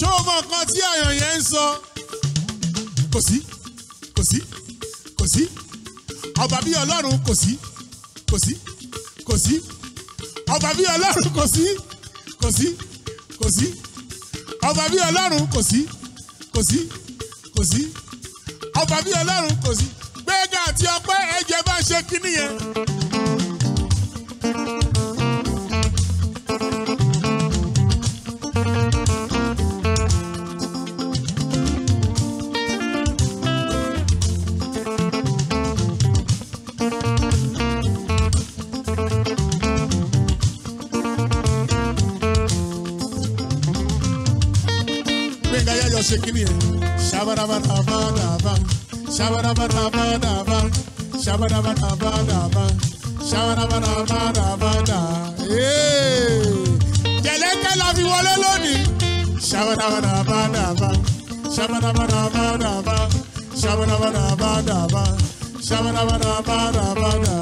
ṣé o mọ nǹkan tí àyàn yẹn ń sọ kò sí kò sí kò sí ọba bí ọlọ́run kò sí kò sí kò sí ọba bí ọlọ́run kò sí kò sí kò sí ọba bí ọlọ́run kò sí kò sí kò sí ọba bí ọlọ́run kò sí gbẹ́gà àti ọpẹ́ ẹ̀jẹ̀ bá ṣe kínní yẹn. shabadabadabadaba shabadabadabadabada jẹ̀lẹ́kẹ́ la fi wọlé lónìí shabadabadabadaba shabadabadabadaba shabadabadabadaba shabadabadabadabada.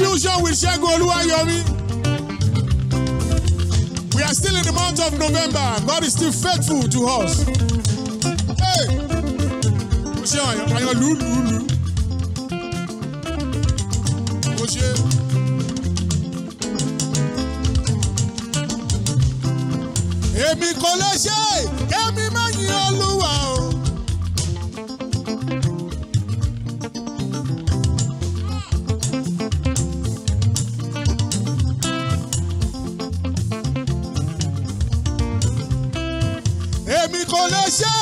Fusion with Ṣẹ́gun Olúwayọ̀mí. We are still in the month of November. God is still faithful to us. Hey! Mo ṣe àyàn lùlùlù. Mo ṣe. èmi kò lè ṣe èmi má yìn Olúwa o. ọ̀nà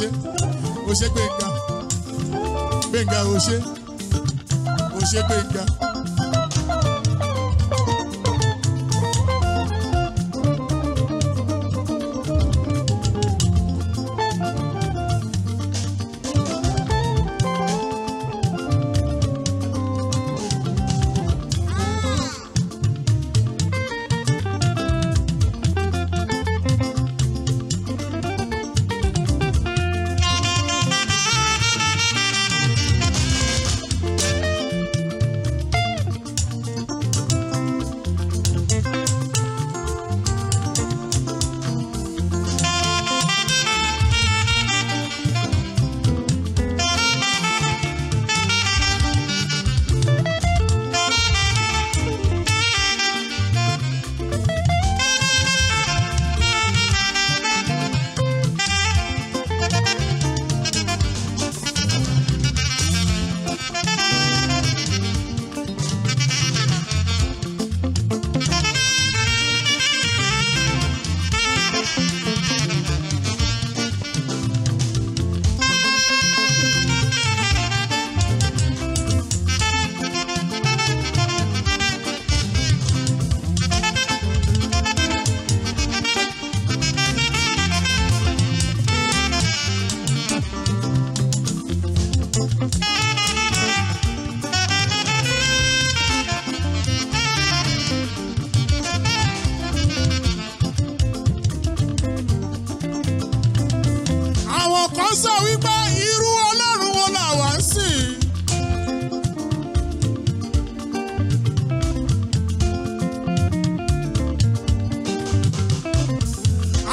ṣe o ṣe Gbénga Gbénga o ṣe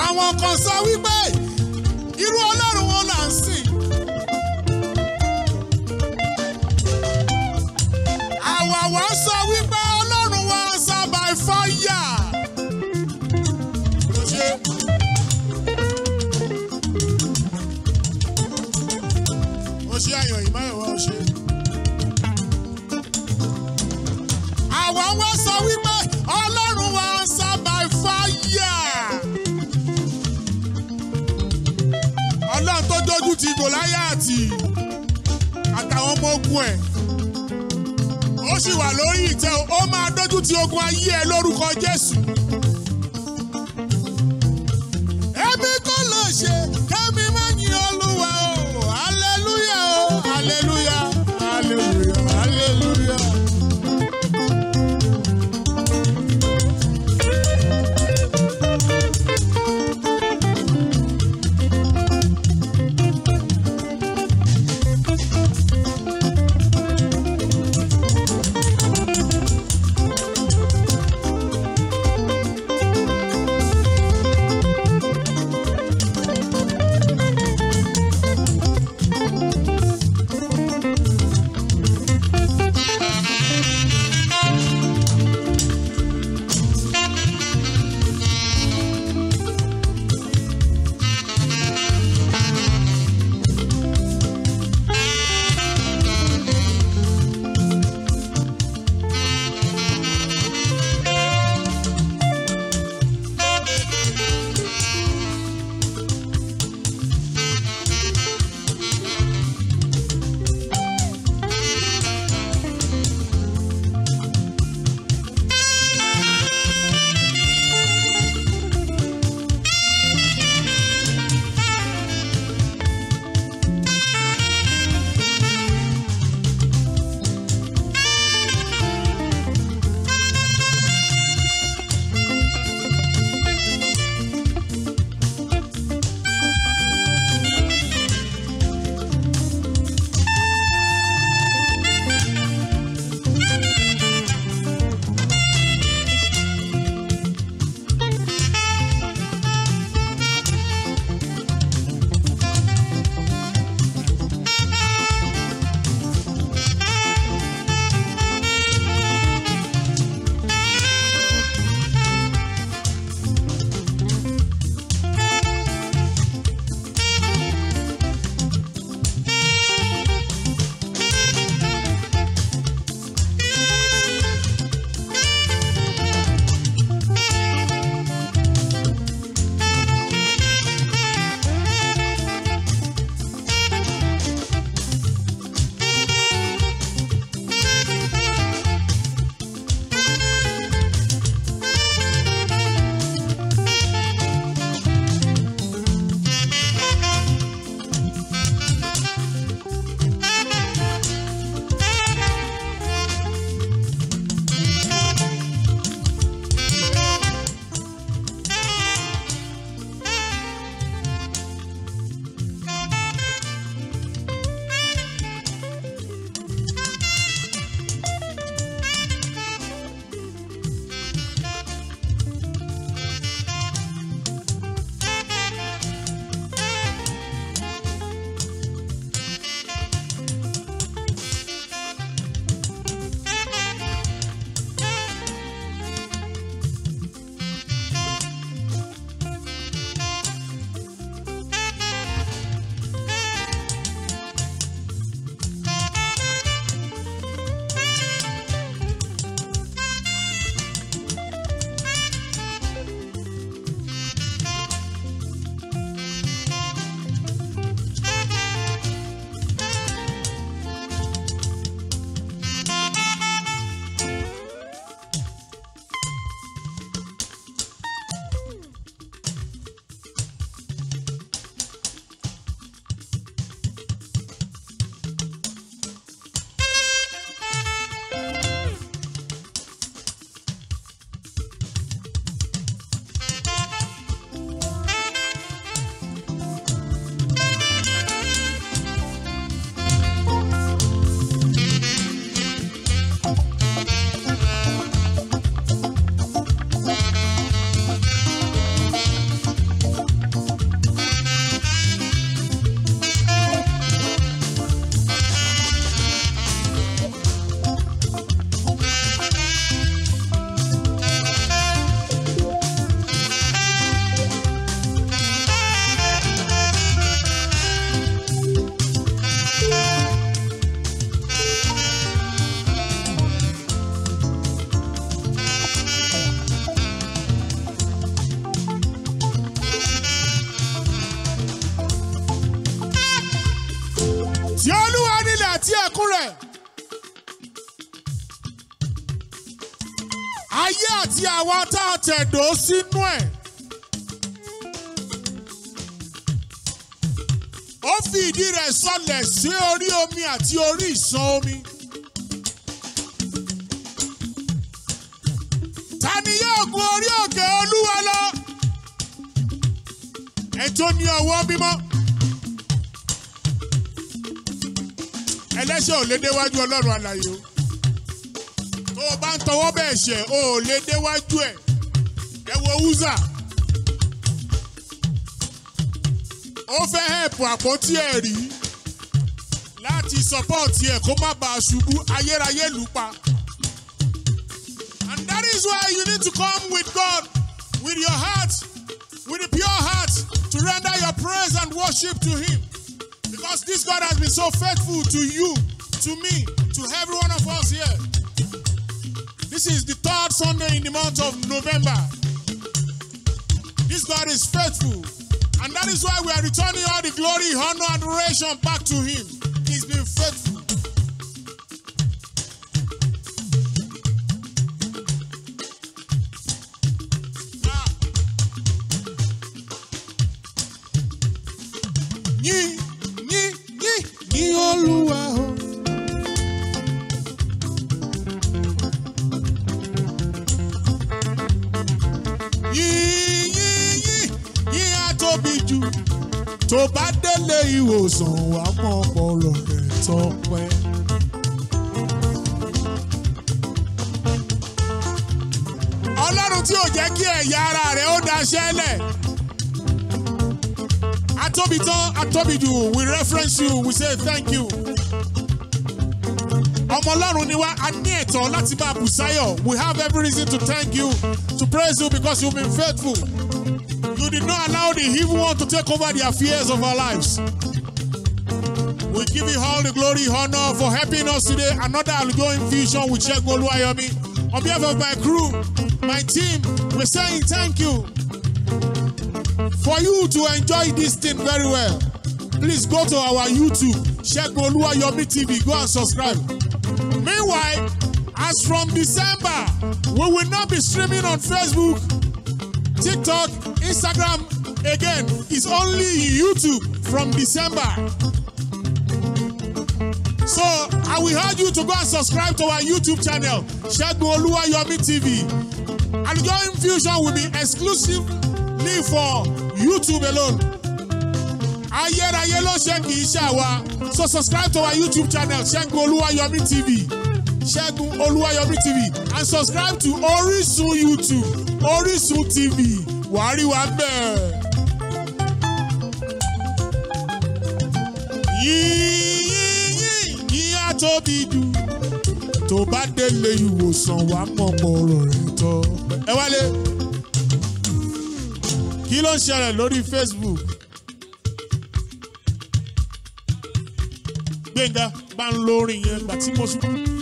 àwọn kan sọ wípé irú ọlọ́run. Gòláyàtì àtàwọn ọmọ ogun ẹ̀ ó sì wà lórí ìtẹ́ ó máa dójú ti ogun ayé ẹ lórúkọ Jésù. ẹlẹ́ṣẹ̀ ò lè déwájú ọlọ́run àlàyé o tó o bá ń tọwọ́ bẹ̀ ṣẹ̀ ò lè déwájú ẹ̀ ẹ wo ó fẹ́ hẹ̀pù àpótí ẹ̀ rí láti sọpọ́ọ̀tì ẹ̀ kó má bàa ṣubú ayérayé lù pa and that is why you need to come with God with your heart with a pure heart to render your praise and worship to Him. Because this God has been so faithful to you, to me, to every one of us here. This is the third Sunday in the month of November. This God is faithful. And that is why we are returning all the glory, honor, and adoration back to Him. ìwòsàn wà mọ́ ọpọlọ rẹ̀ tọpẹ́. ọlọ́run tí ò jẹ́ kí ẹ̀yà ara rẹ̀ ó daṣẹ́ lẹ̀. atóbi tán atóbi jù we reference you we say thank you. ọmọ ọlọ́run ni wá a ní ẹ̀tọ́ láti máa bù sáyọ̀ we have every reason to thank you to praise you because you've been faithful. You did not allow the evil one to take over the affairs of our lives. We give you all the glory, honor for helping us today. Another Alujo infusion with Segun Oluwayomi. On behalf of my crew, my team, we're saying thank you for you to enjoy this thing very well. Please go to our YouTube, Segun Oluwayomi TV. Go and subscribe. Meanwhile, as from December, we will not be streaming on Facebook, TikTok, Instagram again. It's only YouTube from December. So I will urge you to go and subscribe to our YouTube channel, Segun Oluwayomi TV. And your infusion will be exclusively for YouTube alone. Ayérayé ló ṣe kì So subscribe to our YouTube channel, Segun Oluwayomi TV. Segun Oluwayomi TV. And subscribe to Orisun YouTube, Orisun TV. Wari rí wa tóbi jù tó bá délé ìwòsàn wàá mọ̀ pọ̀ ọ̀rọ̀ rẹ̀ tọ́. ẹ wálé kí ló ń ṣẹlẹ̀ lórí Facebook Gbénga bá ń lórin yẹn gbà tí mo sùn.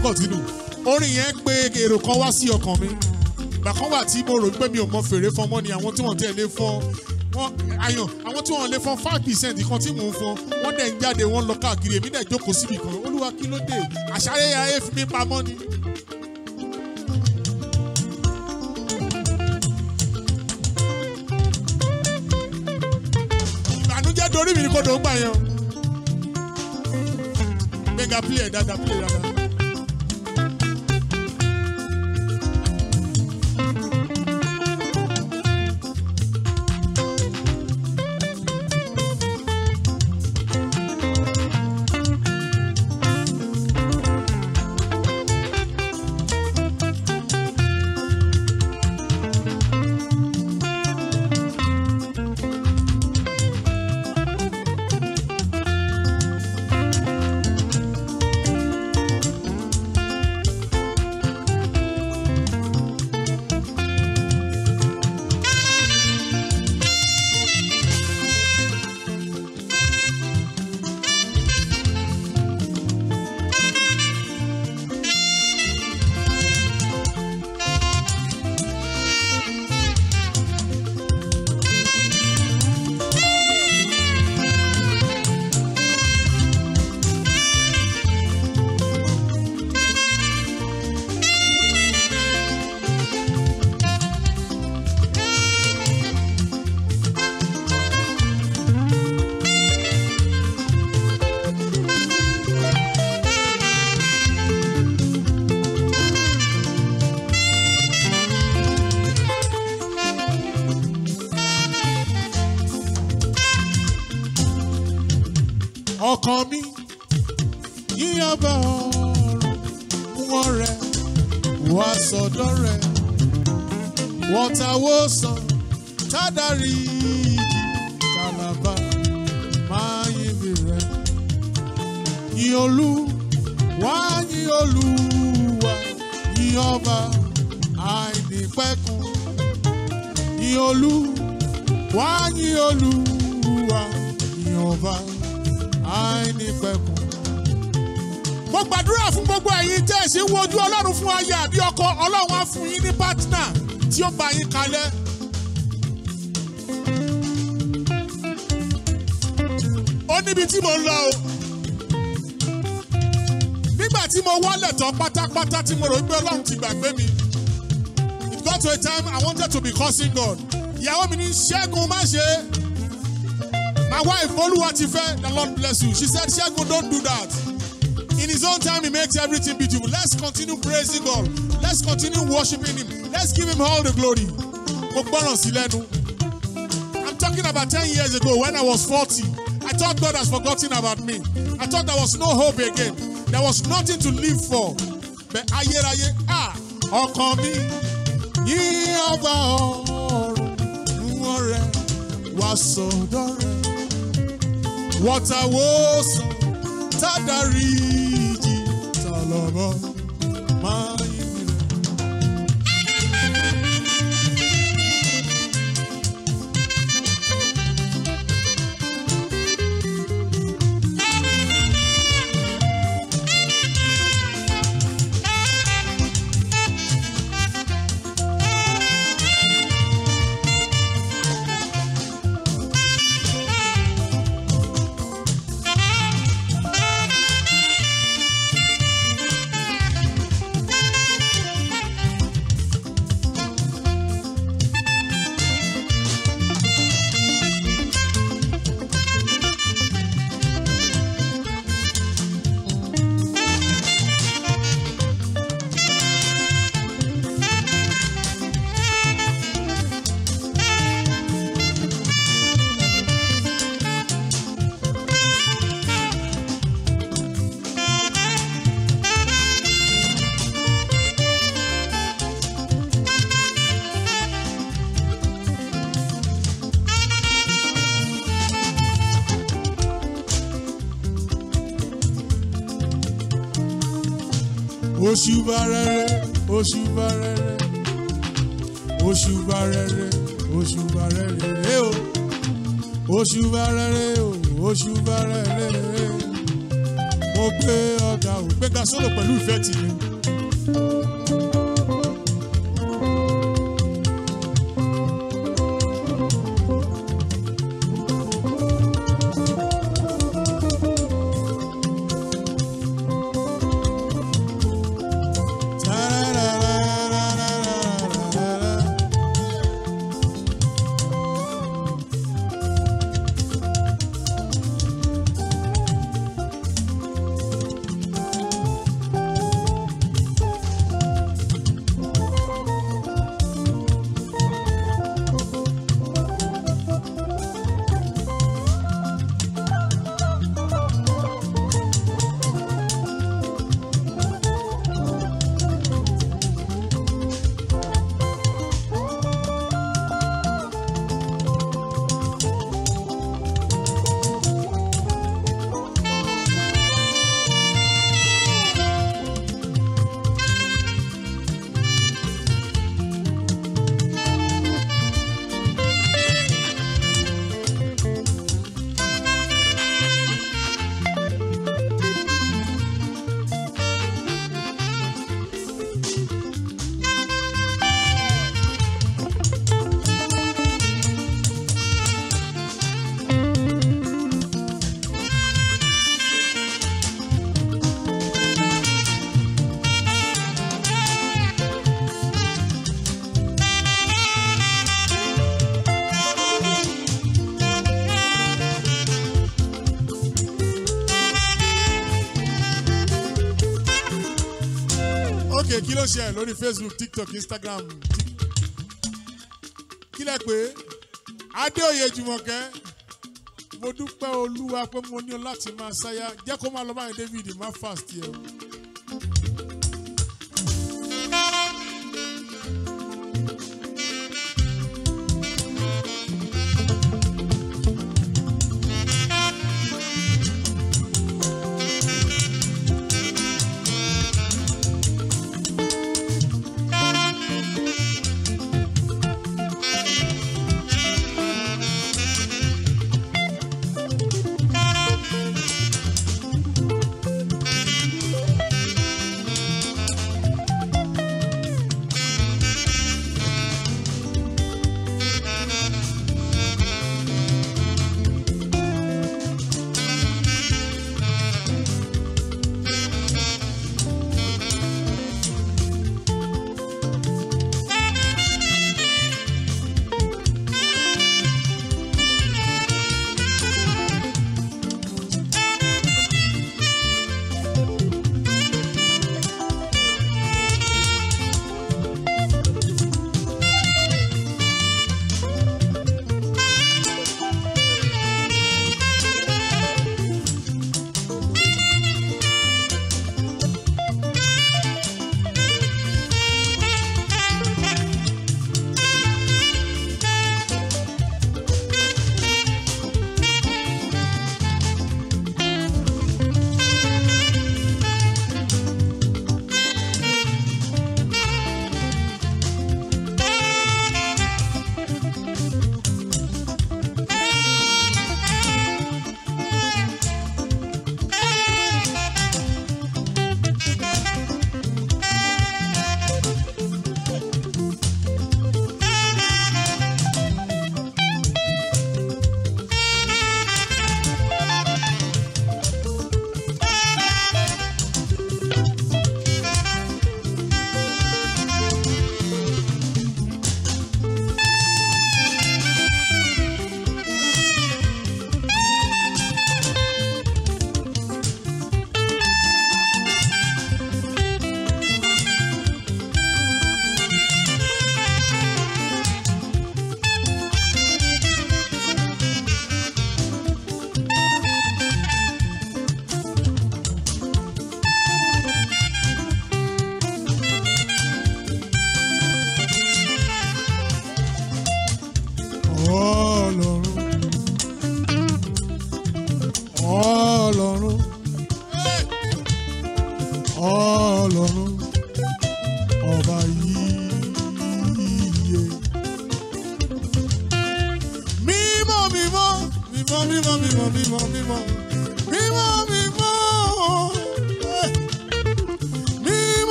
tún kọ̀tínù orin yẹn pé èrò kan wá sí ọkàn mi bàkan wà tí mo rò pé mi ò mọ fèrè fọmọ ni àwọn tí wọ́n tẹ̀ lé fọ́ wọn àyàn àwọn tí wọ́n lè fọ́ five percent kan tí mò ń fọ́ wọ́n dẹ̀ ń jáde wọ́n lọ káàkiri èmi dẹ̀ jókòó síbi kan olúwa kí ló dé àṣàyẹ ayé fi mi pamọ́ ni. ìbànújẹ́ dorí mi ni kò tó ń gbà yẹn o. gbẹ̀ngà play ẹ̀ dáadáa play dáadáa. ọlọ́run á fún yín ní pátínà tí ó bá yín kalẹ̀. ó níbi tí mo lọ o nígbà tí mo wálẹ̀ tán pátápátá tí mo rò wípé ọlọ́run ti gbàgbé mi it got to a time I wanted to be cursing God ìyàwó mi ní ṣẹ́gun má ṣe my wife olúwa ti fẹ́ the Lord bless you she said ṣẹ́gun don't do that in his own time he makes everything beautiful let's continue praising God Let's continue worshiping Him. Let's give Him all the glory. Mo gbọ́ràn sí lẹ́nu. I'm talking about ten years ago when I was forty. I thought God has forgotten about me. I thought there was no hope again. There was nothing to live for. But ayérayé, ah, ọkàn mi, yí ọba ọ̀run, nùwọ̀n rẹ̀, wá sọ̀dọ̀ rẹ̀. Wọ́tà wo sàn, tá darí jì, tá òṣùbà rere òṣùbà rere òṣùbà rere òṣùbà rere o òṣùbà rere o òṣùbà rere mo gbé ọ̀gá ò gbéga sólò pẹ̀lú ìfẹ́ tì ló ṣe ẹ̀ lórí Facebook TikTok Instagram kí lẹ pé Adéoyè Jùmọ̀kẹ́ mo dúpẹ́ Olúwa pé mo ní láti máa ṣáyà jẹ́ kó máa lọ báyìí David má fast yẹ o.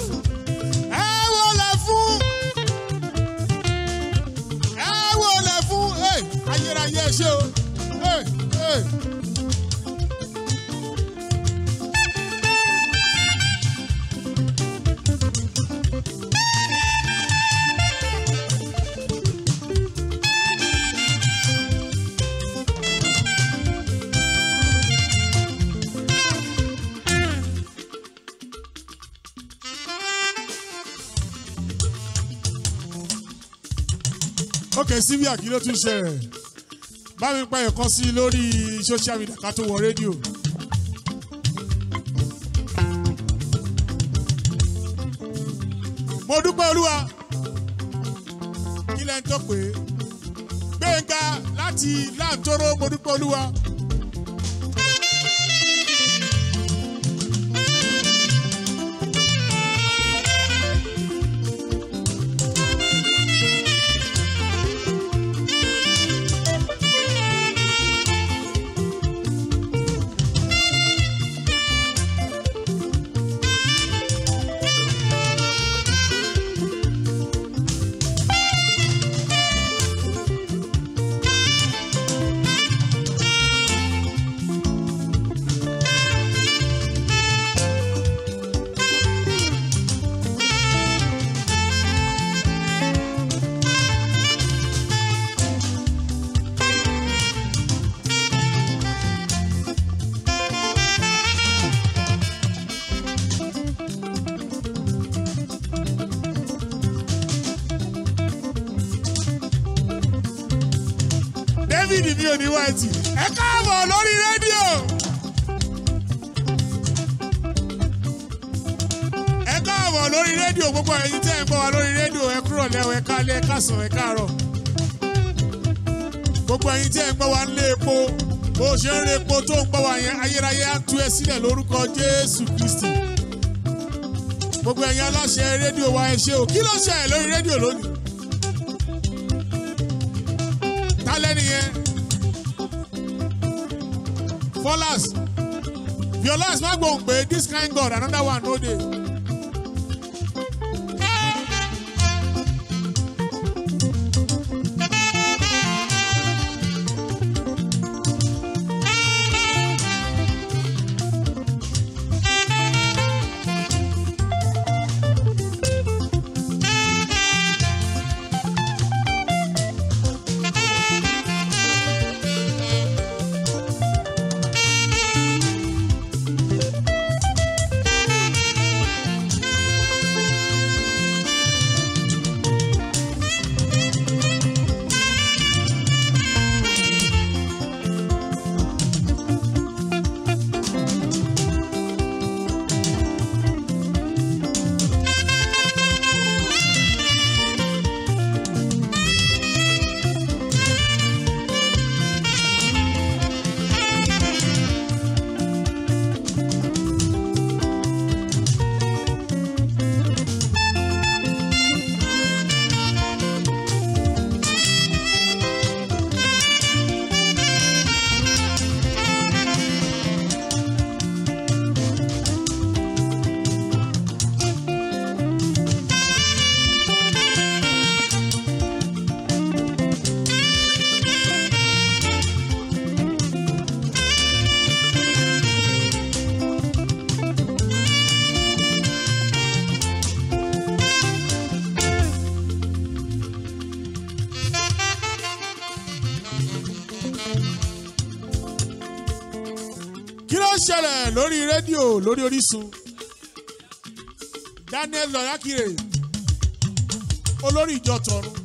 fún. ẹ wo lẹ fún. ẹ wo lẹ fún. ayérayé ṣe o. okay Sylvia kí ló tún ṣẹlẹ̀ bá mi pa ẹ̀kan sí lórí social media ká tó wọ rédíò. mo dúpẹ́ olúwa kí lẹ́ ń tọ́ pé Gbénga láti láǹtọ́rọ́ mo dúpẹ́ olúwa. gọọmenti ẹ káàbọ̀ lórí rédíò. Eke káàbọ̀ lórí rédíò gbogbo ẹ̀yin tẹ́ ẹ ń gbọ́ wa lórí rédíò ẹ kúrò lẹ́wọ̀ ẹ kásán ẹ gbogbo ẹ̀yin tẹ́ ẹ ń wa nílé epo bó ṣe ń re tó ń gbọ́ wa yẹn ayérayé tú ẹ sílẹ̀ lórúkọ Jésù Kristi. gbogbo ẹ̀yin aláṣẹ rédíò wa ẹ ṣé o kí ló ṣe ẹ̀ lórí rédíò lónìí. your last one go pe this kind God another one no dey. lórí rédíò lórí Orísun Daniel Oyakire olórí ìjọ tọ̀run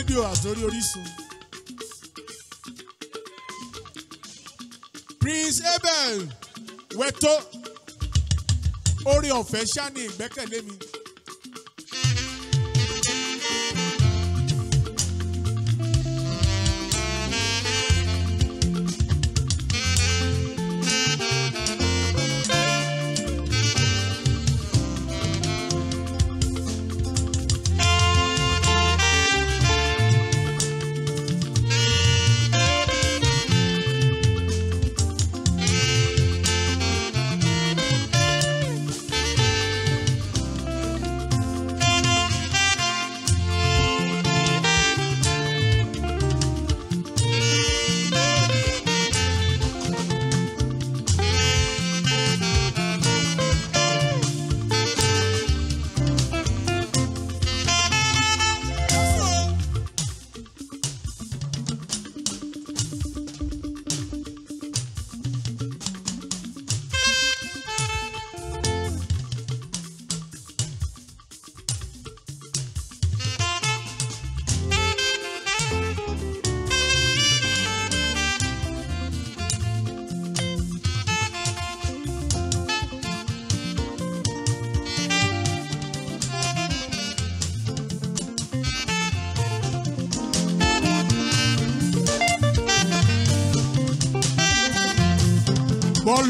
rédíò àtòrí Orísun. Prince Abel Weto orí ọ̀fẹ́ ṣáà ní ìgbẹ́kẹ̀lé mi.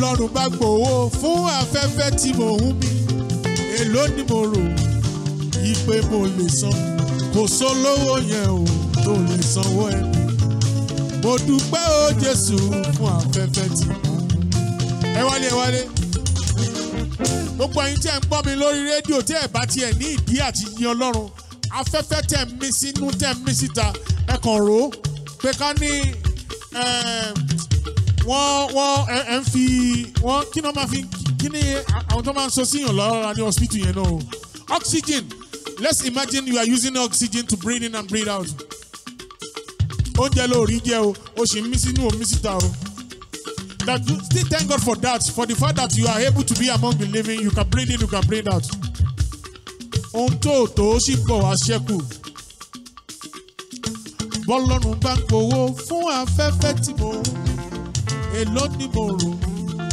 ọlọ́run bá gbòòwò fún afẹ́fẹ́ tí mò ń mí èló ni mo rò yí mo lè san kò sólówó yẹn o tó lè sanwó ẹni mo dúpẹ́ o Jésù fún afẹ́fẹ́ tí mò ń ẹ wálé ẹ wálé gbogbo ẹ̀yin tí ẹ ń gbọ́ mi lórí rédíò tí ẹ bá tiẹ̀ ní ìdí àti yin ọlọ́run afẹ́fẹ́ tẹ̀ mí sínú tẹ̀ mí síta ẹ kàn rò ó pé ká ní wọ́n wọ́n ẹ ń fi wọ́n kí náà máa fi kí ni àwọn tó máa ń sọ síyàn lọ́ra ní hospital yẹn náà oxygen let's imagine you are using oxygen to breathe in and breathe out oúnjẹ lórí jẹ o o sì ń mí sínú omi síta o that you still thank God for that for the fact that you are able to be among the living you can breathe in you can breathe out ohun tó tó sì bọ̀ wá ṣẹ́kù bọ́lọ́run bá ń gbowó fún afẹ́fẹ́ tí mo ń èló ni mo rò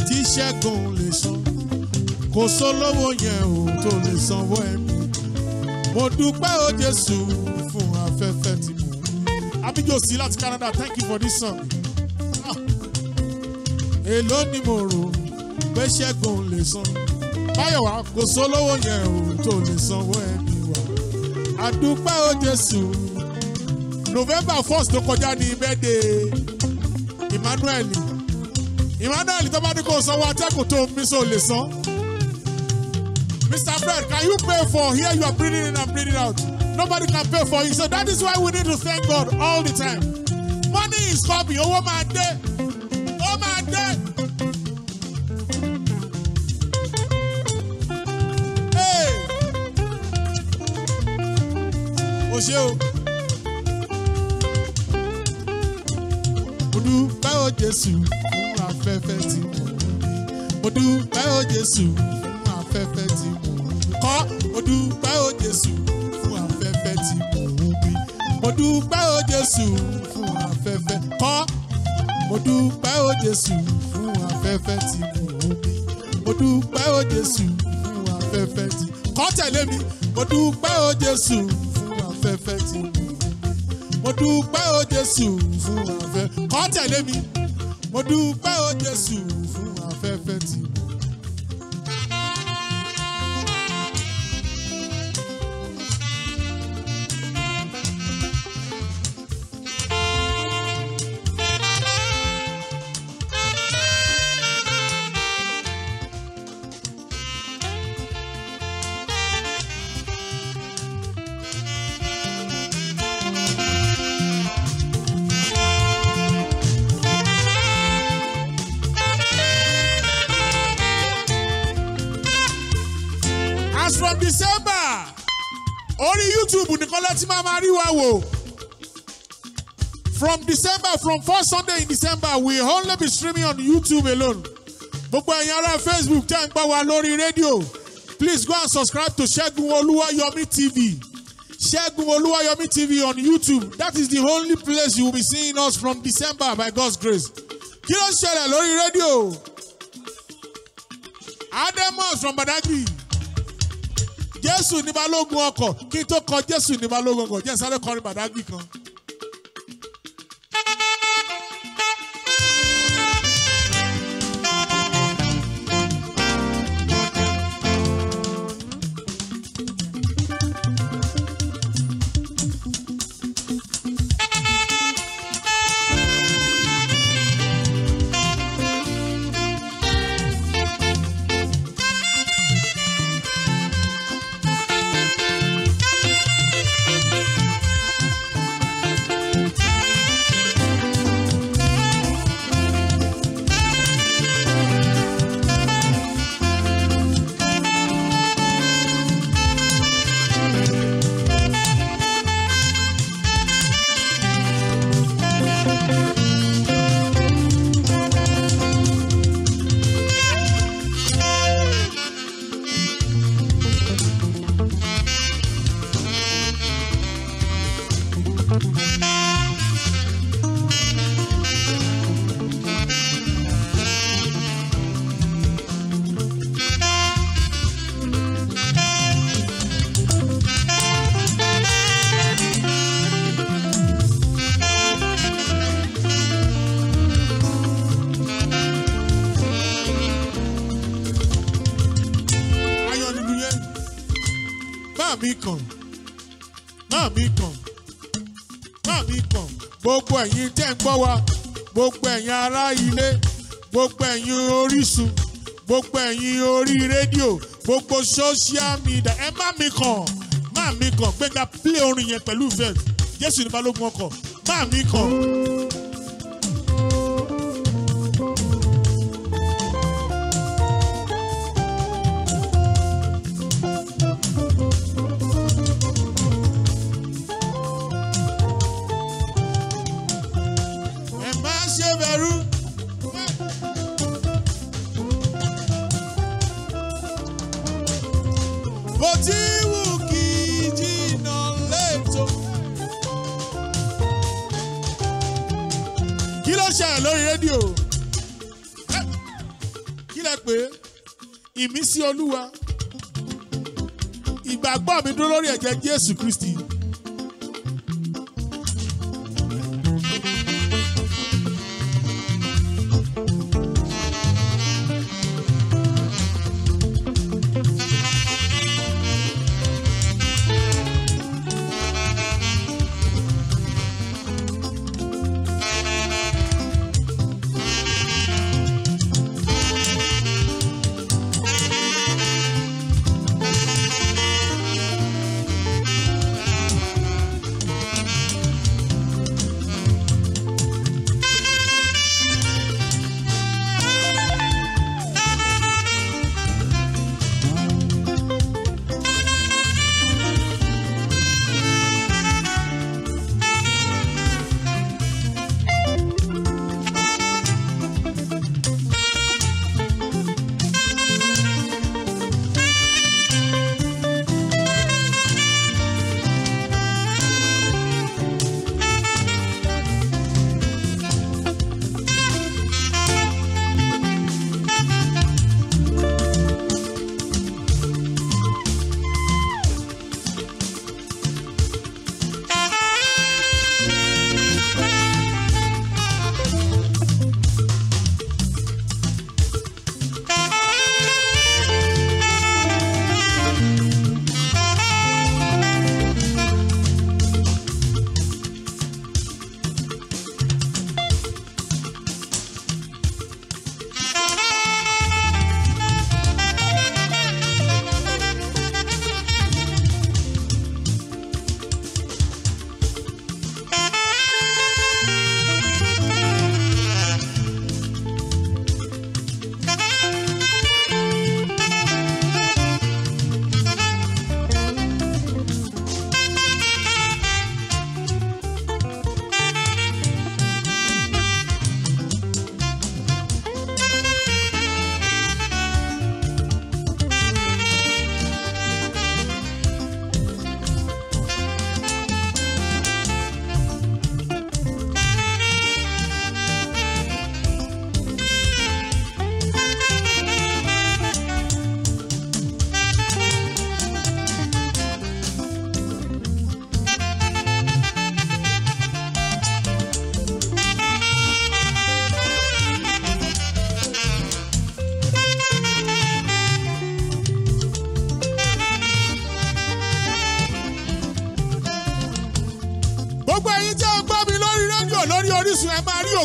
tí ṣẹ́gun lè san kò sólówó yẹn ò tó lè sanwó ẹ̀mí mo dúpẹ́ o Jésù fún afẹ́fẹ́ tí mo. abijosi láti Canada thank you for this song. Ah. èló ni mo rò pé ṣẹ́gun lè san báyọ̀wá kò sólówó yẹn ò tó lè sanwó ẹ̀mí wa àdúpẹ́ o Jésù November first tó kọjá ní birthday Emmanuel. Emmanuel tó bá ní kó sanwó atẹ́kùn tó mi sọ lè san. Mr. Fred, can you pay for here you are breathing in and breathing out? Nobody can pay for you. So that is why we need to thank God all the time. Money is coming, owó máa dé, ó máa dé. O ṣe o. Olú báwo Jésù afẹ́fẹ́ tí mò ń mí mo dúpẹ́ ó Jésù fún afẹ́fẹ́ tí mò ń mí kọ́ mo dúpẹ́ ó Jésù fún afẹ́fẹ́ tí mò ń mí mo dúpẹ́ ó Jésù fún afẹ́fẹ́ kọ́ mo dúpẹ́ ó Jésù fún afẹ́fẹ́ tí mò ń mí mo dúpẹ́ ó Jésù fún afẹ́fẹ́ tí kọ́ tẹ̀lé mi mo dúpẹ́ ó Jésù fún afẹ́fẹ́ tí mò ń mí mo dúpẹ́ ó Jésù fún afẹ́fẹ́ kọ́ tẹ̀lé mi mo dúpẹ́ o Jésù fún afẹ́fẹ́ tí. YouTube nìkan lẹ́tí máa máa rí wa wò. From December from first Sunday in December we only be streaming on YouTube alone. Gbogbo ẹ̀yin ará Facebook tẹ́ ń gbọ́ wa lórí rédíò. Please go and subscribe to Ṣẹ́gun Olúwayọ̀mí TV. Ṣẹ́gun Olúwayọ̀mí TV on YouTube. That is the only place you will be seeing us from December by God's grace. Kí ló ń ṣẹlẹ̀ lórí rédíò? Ademus from Badagry jésù ní balógun ọkọ̀ kí n tó kọ jésù ní balógun ọkọ̀ jẹ́ sáré kọrin bàdágbì kan. Orísun gbogbo ẹ̀yin orí rédíò gbogbo social media ẹ má mi kàn má mi kàn gbẹ́ngà play orin yẹn pẹ̀lú ìfẹ́ Jésù ní balógun ọkọ̀ má mi kàn. ẹ má ìmísí olúwa ìgbàgbọ́ mi dúró lórí ẹ̀jẹ̀ jésù kristi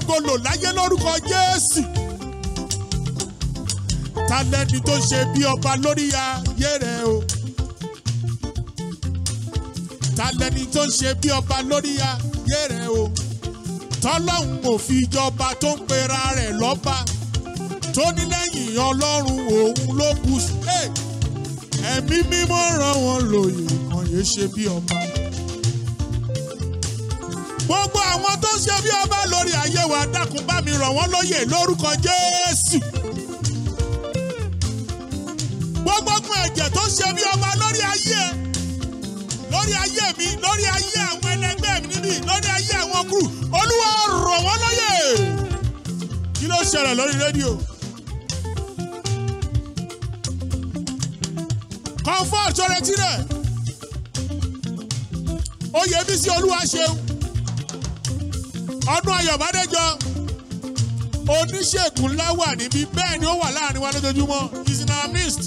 ògo lò láyé lórúkọ Jésù ta lẹni tó ṣe bí ọba lórí ayé rẹ o ta lẹni tó ṣe bí ọba lórí ayé rẹ o tọ́lọ́hún kò fi jọba tó ń pera rẹ̀ lọ́ba tó ní lẹ́yìn ọlọ́run òun ló kù sí. ẹ̀mí mímọ́ ràn wọ́n lòyè kan yéé ṣe bí ọba. gbogbo àwọn tó ṣe bí ọba ayé wa dákun bá mi ràn wọ́n lóyè lórúkọ Jésù. gbogbo ẹ̀jẹ̀ tó ṣe bí ọba lórí ayé lórí ayé mi lórí ayé àwọn ẹlẹgbẹ́ mi níbí lórí ayé àwọn kúrú Olúwa ràn wọ́n lóyè. kí ló ṣẹlẹ̀ lórí rédíò. comfort tó rẹ̀ oyè bí Olúwa ṣeun ọdún ayọ̀ bàdéjọ oníṣègùn ńlá wà níbí bẹ́ẹ̀ ni ó wà láàrin wa lójoojúmọ́ he is an amist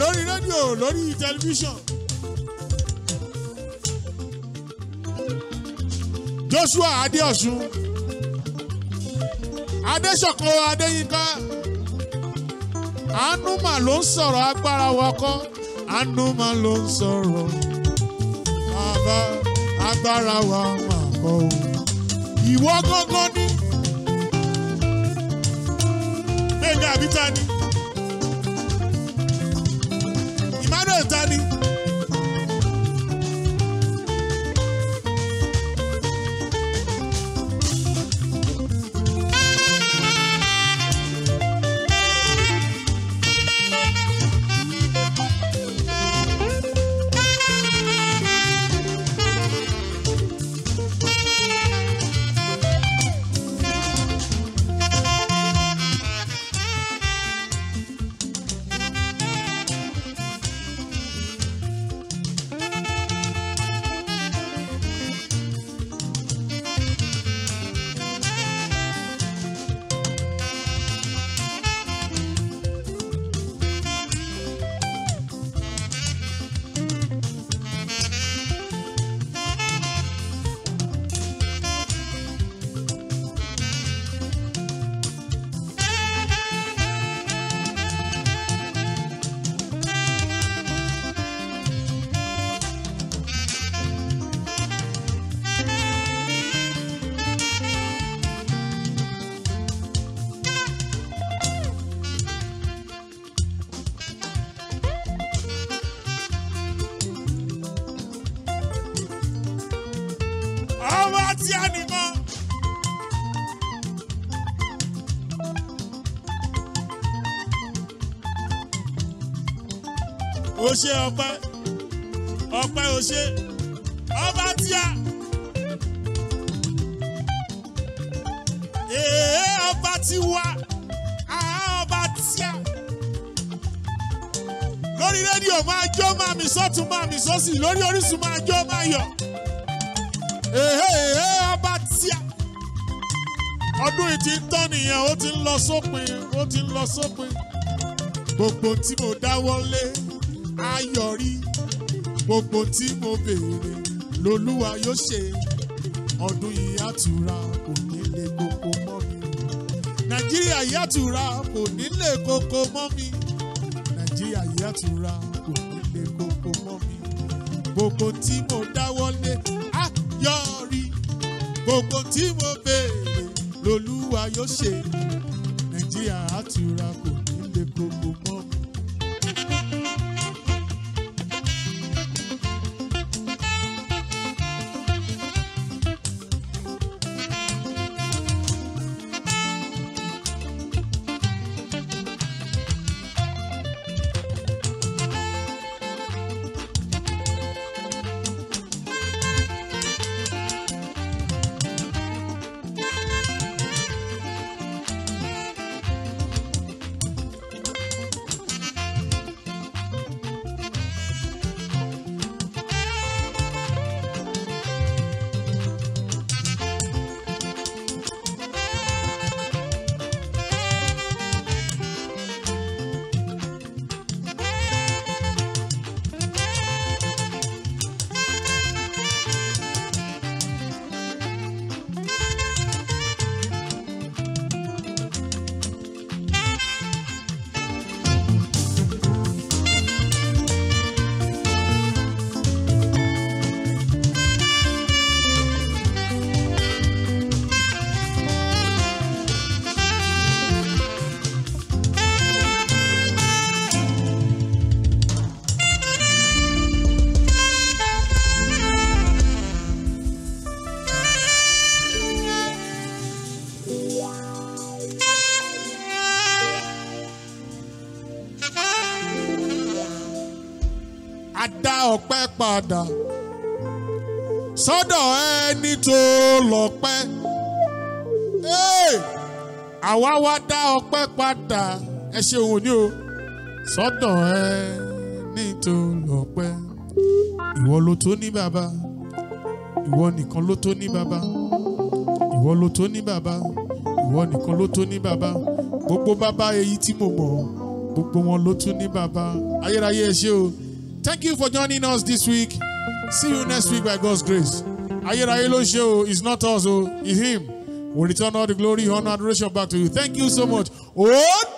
lórí rédíò lórí tẹlifíṣàn. Joshua Adéọ̀sùn Adéṣọ̀kan Adéyínká Anuma ló ń sọ̀rọ̀ agbára wakọ́ Anuma ló ń sọ̀rọ̀ bàbá agbára wa máa bọ̀ Ìwọ gángan ṣe ọpẹ́ ọpẹ́ ò ṣe ọba tíá. èè ọba tiwa àá ọba tíá. lórí rédíò máa jó máa mì sọ́tún máa mì sọ́sì lórí Orísun máa jó máa yọ̀. èè èè ọba tíá. ọdún yìí ń tán nìyẹn ó ti ń lọ sópin ó ti ń lọ sópin gbogbo tí mo dáwọ́ lé á yọrí gbogbo tí mo béèrè lolúwa yóò ṣe ọdún yìí àtúrà kò ní lè koko mọ́ mi nàìjíríà yìí àtúrà kò ní lè koko mọ́ mi nàìjíríà yìí àtúrà kò ní lè koko mọ́ mi gbogbo tí mo dáwọ́lé á yọrí gbogbo tí mo béèrè lolúwa yóò ṣe nàìjíríà àtúrà kò ní lè koko mọ́ padà sọ́dọ̀ ẹni tó lọ́pẹ́ àwa wá dá ọpẹ́ padà ẹ ṣe òun ni o sọ́dọ̀ ẹni tó lọ́pẹ́ ìwọ ló tó ní bàbá ìwọ nìkan ló tó ní bàbá ìwọ ló tó ní bàbá ìwọ nìkan ló tó ní bàbá gbogbo bàbá èyí tí mo mọ̀ gbogbo wọn ló tún ní bàbá ayérayé ẹ ṣé o. Thank you for joining us this week. See you next week by God's grace. Ayer ló show is not us it's him. We return all the glory, honor, adoration back to you. Thank you so much. What?